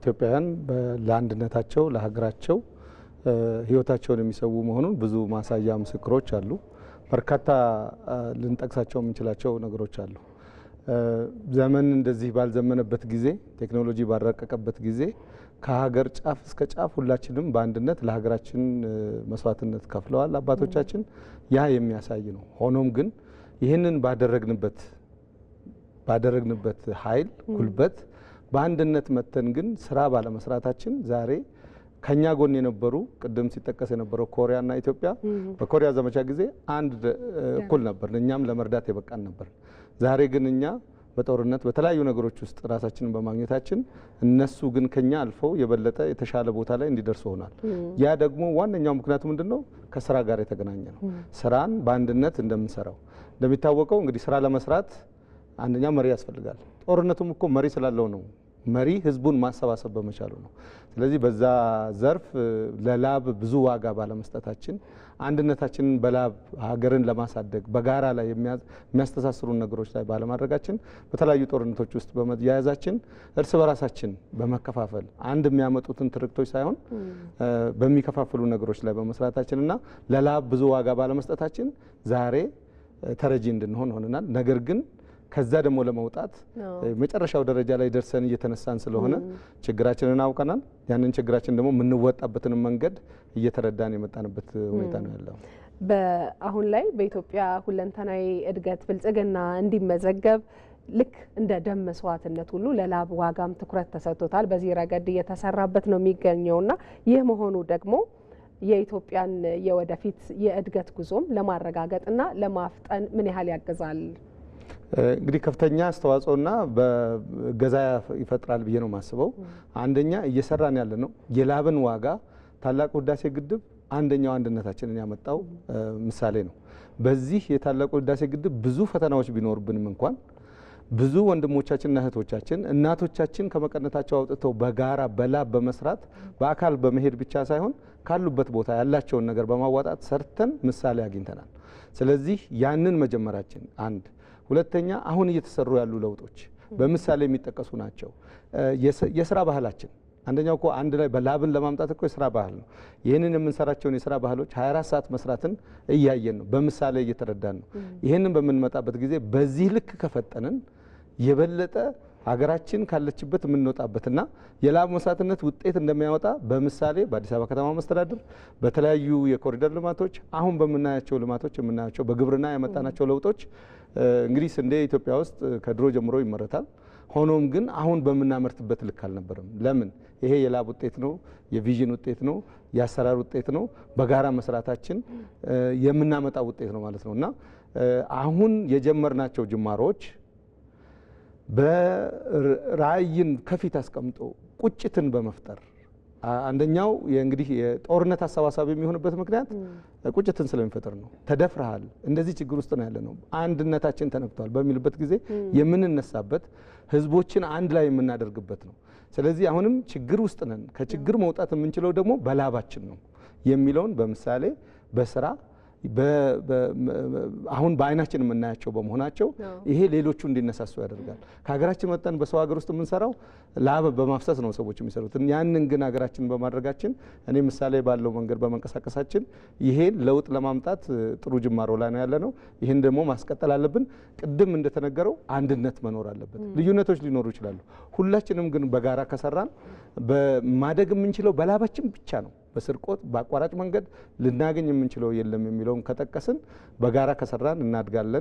ኢትዮጵያውያን ለአንድነታቸው ለሀገራቸው ህይወታቸውን የሚሰዉ መሆኑን ብዙ ማሳያ ምስክሮች አሉ። በርካታ ልንጠቅሳቸው የምንችላቸው ነገሮች አሉ። ዘመን እንደዚህ ባልዘመነበት ጊዜ፣ ቴክኖሎጂ ባልረቀቀበት ጊዜ ከሀገር ጫፍ እስከ ጫፍ ሁላችንም በአንድነት ለሀገራችን መስዋዕትነት ከፍለዋል አባቶቻችን። ያ የሚያሳይ ነው። ሆኖም ግን ይህንን ባደረግንበት ባደረግንበት ኃይል ጉልበት በአንድነት መተን ግን ስራ ባለመስራታችን ዛሬ ከኛ ጎን የነበሩ ቅድም ሲጠቀስ የነበረው ኮሪያ ና ኢትዮጵያ በኮሪያ ዘመቻ ጊዜ አንድ እኩል ነበር፣ እኛም ለመርዳት የበቃን ነበር። ዛሬ ግን እኛ በጦርነት በተለያዩ ነገሮች ውስጥ ራሳችንን በማግኘታችን እነሱ ግን ከኛ አልፈው የበለጠ የተሻለ ቦታ ላይ እንዲደርሱ ሆናል። ያ ደግሞ ዋነኛው ምክንያቱ ምንድን ነው? ከስራ ጋር የተገናኘ ነው። ስራን በአንድነት እንደምንሰራው እንደሚታወቀው እንግዲህ ስራ ለመስራት አንደኛ መሪ ያስፈልጋል። ጦርነቱም እኮ መሪ ስላለው ነው። መሪ ህዝቡን ማሰባሰብ በመቻሉ ነው። ስለዚህ በዛ ዘርፍ ለላብ ብዙ ዋጋ ባለመስጠታችን አንድነታችንን በላብ ሀገርን ለማሳደግ በጋራ ላይ የሚያስተሳስሩን ነገሮች ላይ ባለማድረጋችን በተለያዩ ጦርነቶች ውስጥ በመያያዛችን እርስ በራሳችን በመከፋፈል አንድ የሚያመጡትን ትርክቶች ሳይሆን በሚከፋፍሉ ነገሮች ላይ በመስራታችን እና ለላብ ብዙ ዋጋ ባለመስጠታችን ዛሬ ተረጂ እንድንሆን ሆነናል። ነገር ግን ከዛ ደግሞ ለመውጣት መጨረሻው ደረጃ ላይ ደርሰን እየተነሳን ስለሆነ ችግራችንን አውቀናል። ያንን ችግራችን ደግሞ የምንወጣበትን መንገድ እየተረዳን የመጣንበት ሁኔታ ነው ያለው። በአሁን ላይ በኢትዮጵያ ሁለንተናዊ እድገት ብልጽግና እንዲመዘገብ ልክ እንደ ደም መስዋዕትነት ሁሉ ለላብ ዋጋም ትኩረት ተሰጥቶታል። በዚህ ረገድ እየተሰራበት ነው የሚገኘውና ይህ መሆኑ ደግሞ የኢትዮጵያን የወደፊት የእድገት ጉዞም ለማረጋገጥና ለማፍጠን ምን ያህል ያግዛል? እንግዲህ ከፍተኛ አስተዋጽኦና በገዛ ይፈጥራል ብዬ ነው የማስበው። አንደኛ እየሰራን ያለ ነው የላብን ዋጋ ታላቁ ህዳሴ ግድብ አንደኛው አንድነታችንን ያመጣው ምሳሌ ነው። በዚህ የታላቁ ህዳሴ ግድብ ብዙ ፈተናዎች ቢኖርብንም እንኳን ብዙ ወንድሞቻችንና እህቶቻችን እናቶቻችን ከመቀነታቸው አውጥተው በጋራ በላብ በመስራት በአካል በመሄድ ብቻ ሳይሆን ካሉበት ቦታ ያላቸውን ነገር በማዋጣት ሰርተን ምሳሌ አግኝተናል። ስለዚህ ያንን መጀመራችን አንድ ሁለተኛ አሁን እየተሰሩ ያሉ ለውጦች በምሳሌ የሚጠቀሱ ናቸው። የስራ ባህላችን አንደኛው እኮ አንድ ላይ በላብን ለማምጣት እኮ የስራ ባህል ነው። ይህንን የምንሰራቸውን የስራ ባህሎች 24 ሰዓት መስራትን እያየን ነው፣ በምሳሌ እየተረዳን ነው። ይህንን በምንመጣበት ጊዜ በዚህ ልክ ከፈጠንን የበለጠ ሀገራችን ካለችበት የምንወጣበትና የላብ መስዋዕትነት ውጤት እንደሚያወጣ በምሳሌ በአዲስ አበባ ከተማ መስተዳድር በተለያዩ የኮሪደር ልማቶች አሁን በምናያቸው ልማቶች የምናያቸው በግብርና ያመጣናቸው ለውጦች እንግዲህ ስንዴ ኢትዮጵያ ውስጥ ከድሮ ጀምሮ ይመረታል። ሆኖም ግን አሁን በምናመርትበት ልክ አልነበረም። ለምን? ይሄ የላብ ውጤት ነው፣ የቪዥን ውጤት ነው፣ የአሰራር ውጤት ነው። በጋራ መስራታችን የምናመጣ ውጤት ነው ማለት ነው እና አሁን የጀመርናቸው ጅማሮዎች በራዕይን ከፊት አስቀምጦ ቁጭትን በመፍጠር አንደኛው እንግዲህ የጦርነት አሰባሳቢ የሚሆንበት ምክንያት ቁጭትን ስለሚፈጥር ነው። ተደፍረሃል፣ እንደዚህ ችግር ውስጥ ነው ያለ ነው፣ አንድነታችን ተነክቷል በሚልበት ጊዜ የምንነሳበት ህዝቦችን አንድ ላይ የምናደርግበት ነው። ስለዚህ አሁንም ችግር ውስጥ ነን፣ ከችግር መውጣት የምንችለው ደግሞ በላባችን ነው የሚለውን በምሳሌ በስራ አሁን በአይናችን የምናያቸው በመሆናቸው ይሄ ሌሎቹ እንዲነሳሱ ያደርጋል። ከሀገራችን መጠን በሰው ሀገር ውስጥ የምንሰራው ላብ በማፍሰስ ነው ሰዎች የሚሰሩት። ያንን ግን ሀገራችን በማድረጋችን እኔ ምሳሌ ባለው መንገድ በመንቀሳቀሳችን ይሄን ለውጥ ለማምጣት ጥሩ ጅማሮ ላይ ነው ያለ ነው። ይህን ደግሞ ማስቀጠል አለብን። ቅድም እንደተነገረው አንድነት መኖር አለበት። ልዩነቶች ሊኖሩ ይችላሉ። ሁላችንም ግን በጋራ ከሰራን ማደግ የምንችለው በላባችን ብቻ ነው። በስርቆት በአቋራጭ መንገድ ልናገኝ የምንችለው የለም የሚለውን ከጠቀስን በጋራ ከሰራን እናድጋለን።